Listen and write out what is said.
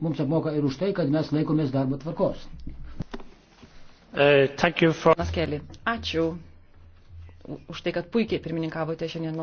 mums apmoka ir už tai, kad mes laikomės darbo tvarkos. Uh, for... Ačiū už tai, kad puikiai pirmininkavote šiandien.